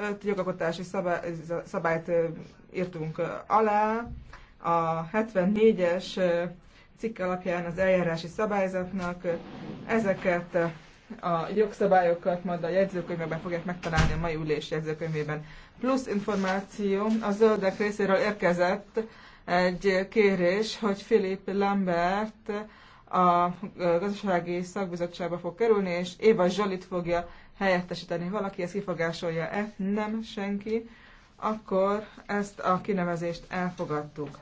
öt jogalkotási szabály, szabályt írtunk alá. A 74-es cikk alapján az eljárási szabályzatnak ezeket a jogszabályokat majd a jegyzőkönyvben fogják megtalálni a mai ülés jegyzőkönyvében. Plusz információ a zöldek részéről érkezett egy kérés, hogy Philip Lambert a gazdasági szakbizottságba fog kerülni, és Éva Zsolit fogja helyettesíteni valaki, ezt kifogásolja-e? Nem senki. Akkor ezt a kinevezést elfogadtuk.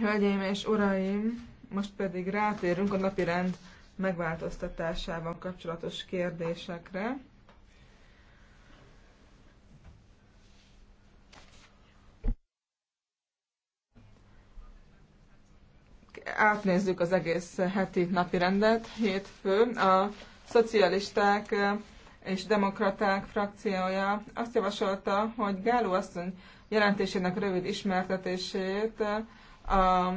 Hölgyeim és uraim, most pedig rátérünk a napirend megváltoztatásával kapcsolatos kérdésekre. Átnézzük az egész heti napirendet, hétfő. A szocialisták eh, és demokraták frakciója azt javasolta, hogy Gáló asszony jelentésének rövid ismertetését eh, a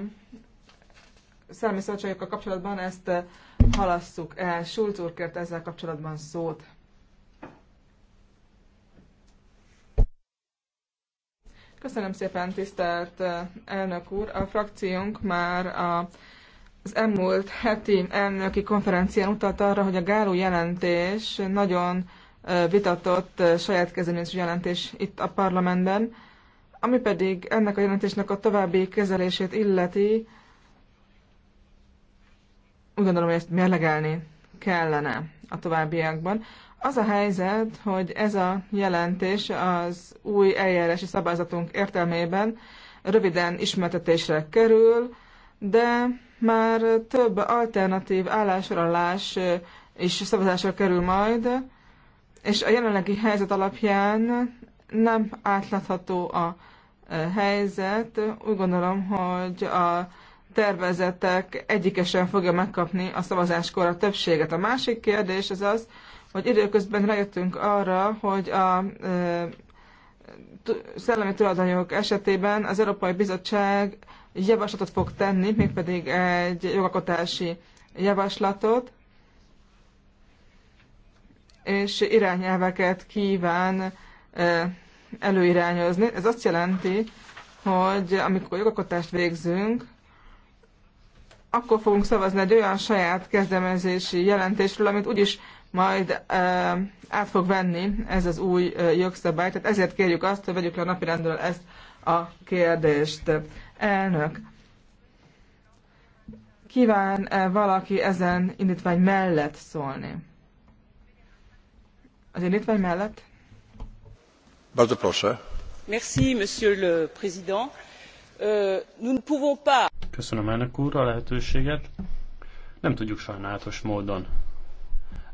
szellemi szabadságokkal kapcsolatban ezt eh, halasszuk el. Schulz úr kért ezzel kapcsolatban szót. Köszönöm szépen, tisztelt elnök úr! A frakciónk már a az elmúlt heti elnöki konferencián utalt arra, hogy a Gáló jelentés nagyon vitatott saját kezdeményező jelentés itt a parlamentben, ami pedig ennek a jelentésnek a további kezelését illeti, úgy gondolom, hogy ezt mérlegelni kellene a továbbiakban. Az a helyzet, hogy ez a jelentés az új eljárási szabályzatunk értelmében röviden ismertetésre kerül, de már több alternatív állásolás és szavazásra kerül majd, és a jelenlegi helyzet alapján nem átlátható a helyzet. Úgy gondolom, hogy a tervezetek egyikesen fogja megkapni a szavazáskor a többséget. A másik kérdés az az, hogy időközben rájöttünk arra, hogy a szellemi tulajdonjogok esetében az Európai Bizottság javaslatot fog tenni, mégpedig egy jogalkotási javaslatot, és irányelveket kíván előirányozni. Ez azt jelenti, hogy amikor jogalkotást végzünk, akkor fogunk szavazni egy olyan saját kezdeményezési jelentésről, amit úgyis majd e, át fog venni ez az új e, jogszabály. Tehát ezért kérjük azt, hogy vegyük le a napirendről ezt a kérdést. Elnök, kíván -e valaki ezen indítvány mellett szólni? Az indítvány mellett? Bardzo proszę. Merci, monsieur le président. Euh, nous ne pouvons pas... Köszönöm elnök úr a lehetőséget. Nem tudjuk sajnálatos módon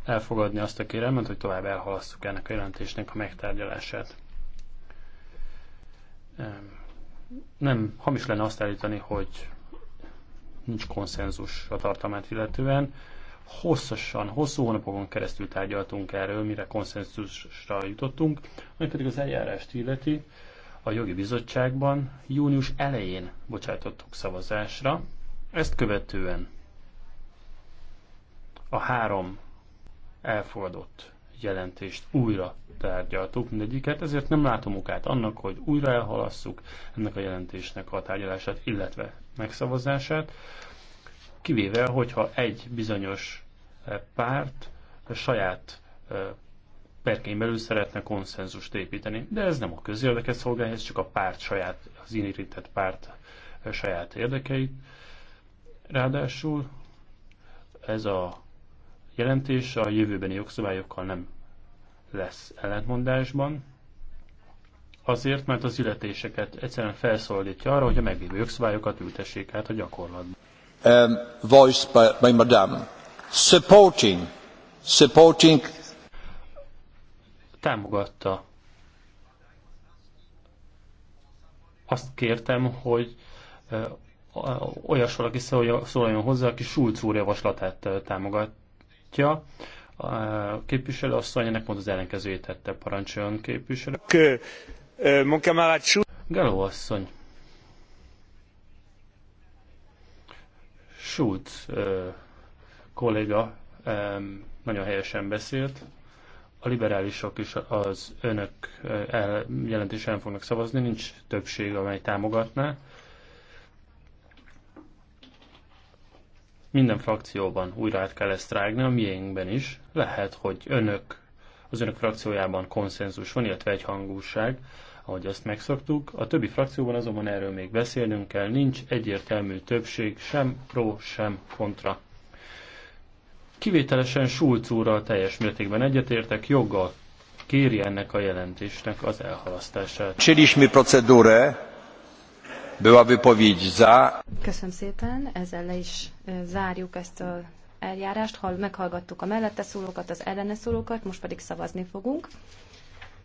elfogadni azt a kérelmet, hogy tovább elhalasztjuk ennek a jelentésnek a megtárgyalását. nem hamis lenne azt állítani, hogy nincs konszenzus a tartalmát illetően. Hosszasan, hosszú hónapokon keresztül tárgyaltunk erről, mire konszenzusra jutottunk, ami pedig az eljárást illeti. A jogi bizottságban június elején bocsátottuk szavazásra, ezt követően a három elfogadott jelentést újra tárgyaltuk mindegyiket, ezért nem látom okát annak, hogy újra elhalasszuk ennek a jelentésnek a tárgyalását, illetve megszavazását, kivéve, hogyha egy bizonyos eh, párt a saját eh, perkény belül szeretne konszenzust építeni. De ez nem a közérdeket szolgálja, ez csak a párt saját, az inirített párt eh, saját érdekeit. Ráadásul ez a jelentés a jövőbeni jogszabályokkal nem lesz ellentmondásban, azért, mert az illetéseket egyszerűen felszólítja arra, hogy a meglévő jogszabályokat ültessék át a gyakorlatban. Um, voice by, by Madame. Supporting, supporting. Támogatta. Azt kértem, hogy uh, olyas valaki szóljon hozzá, aki Schulz úr javaslatát uh, támogatta támogatja. A képviselő asszony ennek pont az ellenkezőjét tette, parancsoljon képviselő. Kö, mon Galó asszony. Schultz ö, kolléga ö, nagyon helyesen beszélt. A liberálisok is az önök jelentésen fognak szavazni, nincs többség, amely támogatná. Minden frakcióban újra át kell ezt rágni, a miénkben is. Lehet, hogy önök, az önök frakciójában konszenzus van, illetve egyhangúság, ahogy azt megszoktuk. A többi frakcióban azonban erről még beszélnünk kell, nincs egyértelmű többség, sem pro, sem kontra. Kivételesen Schulz úrral teljes mértékben egyetértek, joggal kéri ennek a jelentésnek az elhalasztását. Csillismi procedúra, była wypowiedź za. Köszönöm szépen, ezzel le is zárjuk ezt az eljárást. Hall, meghallgattuk a mellette szólókat, az ellene szólókat, most pedig szavazni fogunk.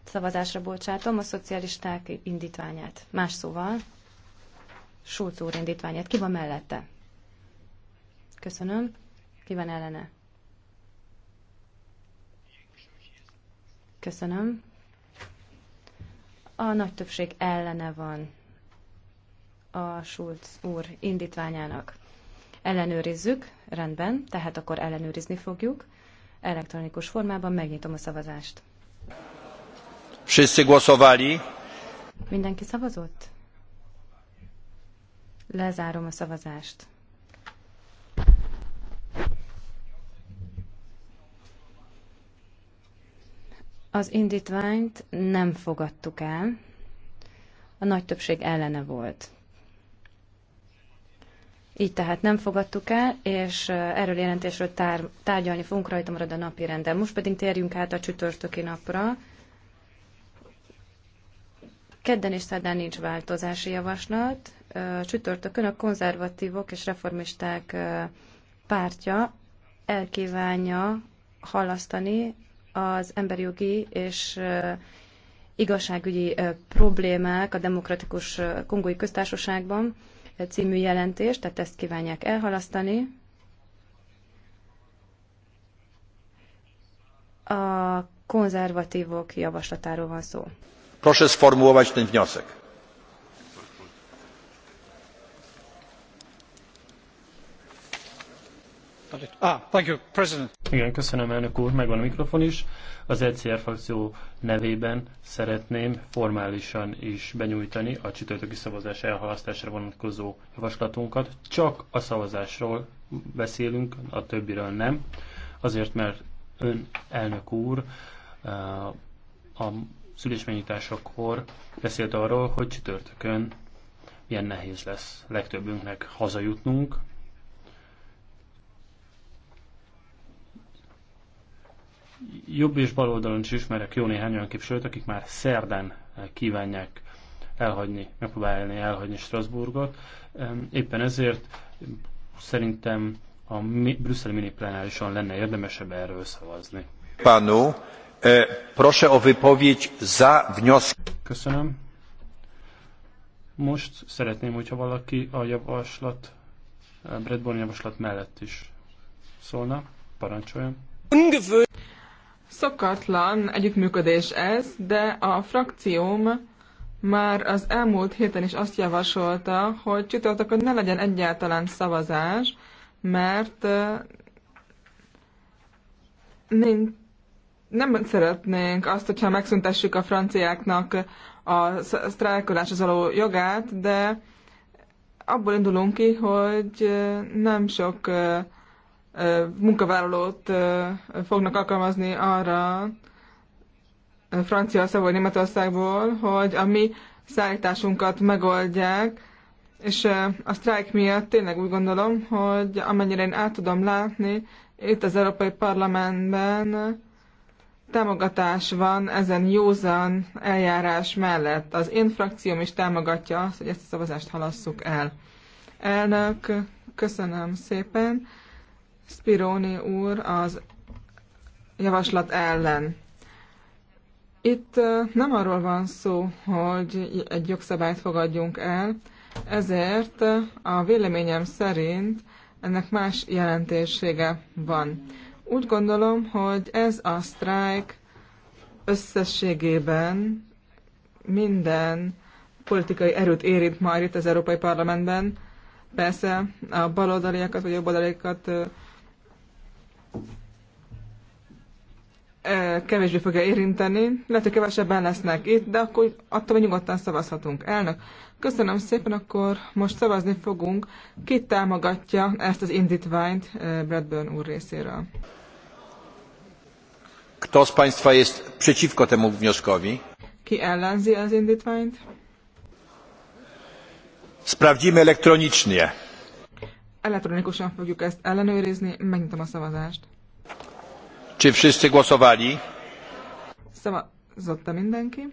Szavazásra bocsátom a szocialisták indítványát. Más szóval, Schulz úr indítványát. Ki van mellette? Köszönöm. Ki van ellene? Köszönöm. A nagy többség ellene van a Schulz úr indítványának. Ellenőrizzük, rendben, tehát akkor ellenőrizni fogjuk. Elektronikus formában megnyitom a szavazást. Wszyscy głosowali. Mindenki szavazott? Lezárom a szavazást. Az indítványt nem fogadtuk el. A nagy többség ellene volt. Így tehát nem fogadtuk el, és erről jelentésről tár, tárgyalni fogunk, rajta marad a napi rendel. Most pedig térjünk át a csütörtöki napra. Kedden és szerdán nincs változási javaslat. Csütörtökön a konzervatívok és reformisták pártja elkívánja halasztani az emberi jogi és igazságügyi problémák a demokratikus kongói köztársaságban, című jelentést, tehát ezt kívánják elhalasztani. A konzervatívok javaslatáról van szó. Proszę sformułować ten wniosek. Ah, thank you, President. Igen, köszönöm elnök úr, megvan a mikrofon is. Az ECR frakció nevében szeretném formálisan is benyújtani a csütörtöki szavazás elhalasztásra vonatkozó javaslatunkat. Csak a szavazásról beszélünk, a többiről nem. Azért, mert ön elnök úr a szülésmennyitásakor beszélt arról, hogy csütörtökön milyen nehéz lesz legtöbbünknek hazajutnunk, jobb és bal oldalon is ismerek jó néhány olyan képviselőt, akik már szerdán eh, kívánják elhagyni, megpróbálni elhagyni Strasbourgot. Éppen ezért szerintem a brüsszeli miniplenárison lenne érdemesebb erről szavazni. Panu, eh, proszę o wypowiedź za wniosek. Köszönöm. Most szeretném, hogyha valaki a javaslat, a eh, Bradborn javaslat mellett is szólna. Parancsoljon. Ungewöhnlich Szokatlan együttműködés ez, de a frakcióm már az elmúlt héten is azt javasolta, hogy csütörtökön ne legyen egyáltalán szavazás, mert nem szeretnénk azt, hogyha megszüntessük a franciáknak a sztrájkoláshoz való jogát, de abból indulunk ki, hogy nem sok munkavállalót fognak alkalmazni arra Franciaországból, Németországból, hogy a mi szállításunkat megoldják, és a sztrájk miatt tényleg úgy gondolom, hogy amennyire én át tudom látni, itt az Európai Parlamentben támogatás van ezen józan eljárás mellett. Az én frakcióm is támogatja azt, hogy ezt a szavazást halasszuk el. Elnök, köszönöm szépen. Spironi úr az javaslat ellen. Itt nem arról van szó, hogy egy jogszabályt fogadjunk el, ezért a véleményem szerint ennek más jelentősége van. Úgy gondolom, hogy ez a sztrájk összességében minden politikai erőt érint majd itt az Európai Parlamentben. Persze a baloldaliakat vagy jobboldaliakat kevésbé fogja érinteni, lehet, hogy kevesebben lesznek itt, de akkor attól hogy nyugodtan szavazhatunk. Elnök, köszönöm szépen, akkor most szavazni fogunk. Ki támogatja ezt az indítványt Bradburn úr részéről? Kto z Państwa jest przeciwko temu wnioskowi? Ki ellenzi az indítványt? Sprawdzimy elektronicznie. Elektronikusan fogjuk ezt ellenőrizni. Megnyitom a szavazást. Czy wszyscy głosowali? Szavazotta mindenki?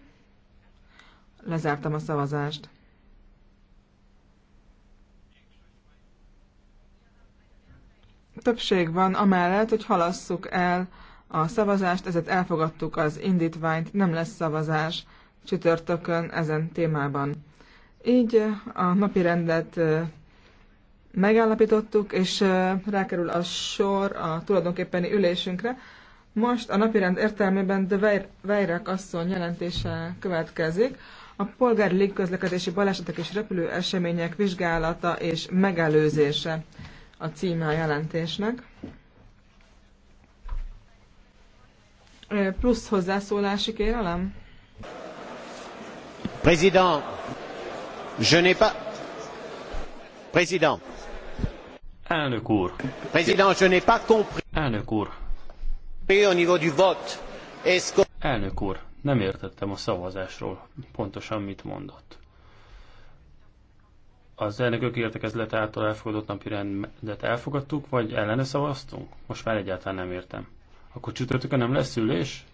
Lezártam a szavazást. Többség van amellett, hogy halasszuk el a szavazást, ezért elfogadtuk az indítványt, nem lesz szavazás csütörtökön ezen témában. Így a napi rendet megállapítottuk, és rákerül a sor a tulajdonképpeni ülésünkre. Most a napirend értelmében de Vejrek asszony jelentése következik. A polgári légközlekedési balesetek és repülő események vizsgálata és megelőzése a címe a jelentésnek. Plusz hozzászólási kérelem? Président, je n'ai pas... Président. Elnök úr. Président, je n'ai pas compris. Elnök úr. Au niveau du vote. Elnök úr, nem értettem a szavazásról pontosan mit mondott. Az elnökök értekezlet által elfogadott napi rendet elfogadtuk, vagy ellene szavaztunk? Most már egyáltalán nem értem. Akkor csütörtökön nem lesz ülés?